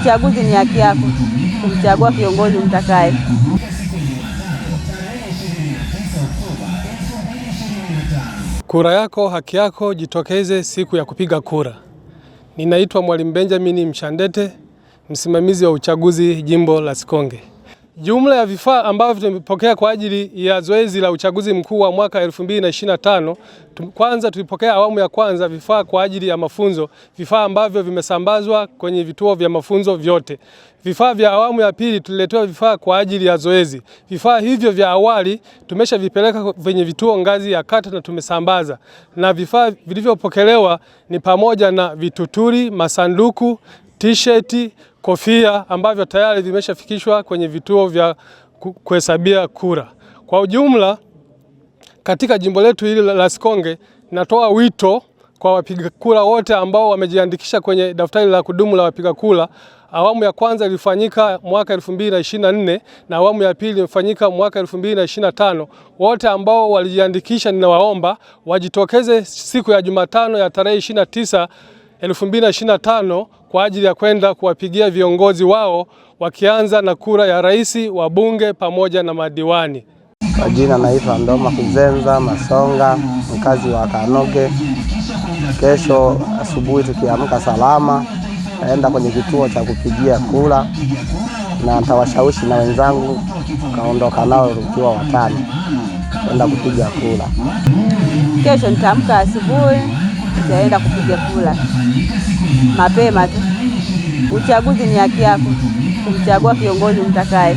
Uchaguzi ni haki yako kumchagua kiongozi mtakaye. Kura yako haki yako, jitokeze siku ya kupiga kura. Ninaitwa Mwalimu Benjamin Mshandete, msimamizi wa uchaguzi jimbo la Sikonge. Jumla ya vifaa ambavyo tumepokea kwa ajili ya zoezi la uchaguzi mkuu wa mwaka 2025, kwanza tulipokea awamu ya kwanza vifaa kwa ajili ya mafunzo, vifaa ambavyo vimesambazwa kwenye vituo vya mafunzo vyote. Vifaa vya awamu ya pili tuliletewa vifaa kwa ajili ya zoezi. Vifaa hivyo vya awali tumeshavipeleka kwenye vituo ngazi ya kata na tumesambaza, na vifaa vilivyopokelewa ni pamoja na vituturi, masanduku t-shirt, kofia ambavyo tayari vimeshafikishwa kwenye vituo vya kuhesabia kura. Kwa ujumla, katika jimbo letu hili la Sikonge, natoa wito kwa wapiga kura wote ambao wamejiandikisha kwenye daftari la kudumu la wapiga kura. Awamu ya kwanza ilifanyika mwaka 2024 na awamu ya pili imefanyika mwaka 2025. Wote ambao walijiandikisha, ninawaomba wajitokeze siku ya Jumatano ya tarehe 29 2025 kwa ajili ya kwenda kuwapigia viongozi wao wakianza na kura ya rais, wabunge pamoja na madiwani. Kwa jina naitwa Ndoma Kizenza Masonga, mkazi wa Kanoge. Kesho asubuhi tukiamka salama, naenda kwenye kituo cha kupigia kura na nitawashawishi na wenzangu kaondoka nao tukiwa watano kwenda kupiga kura. Kesho nitaamka asubuhi nitaenda kupiga kura mapema tu. Uchaguzi ni haki yako kumchagua kiongozi mtakaye.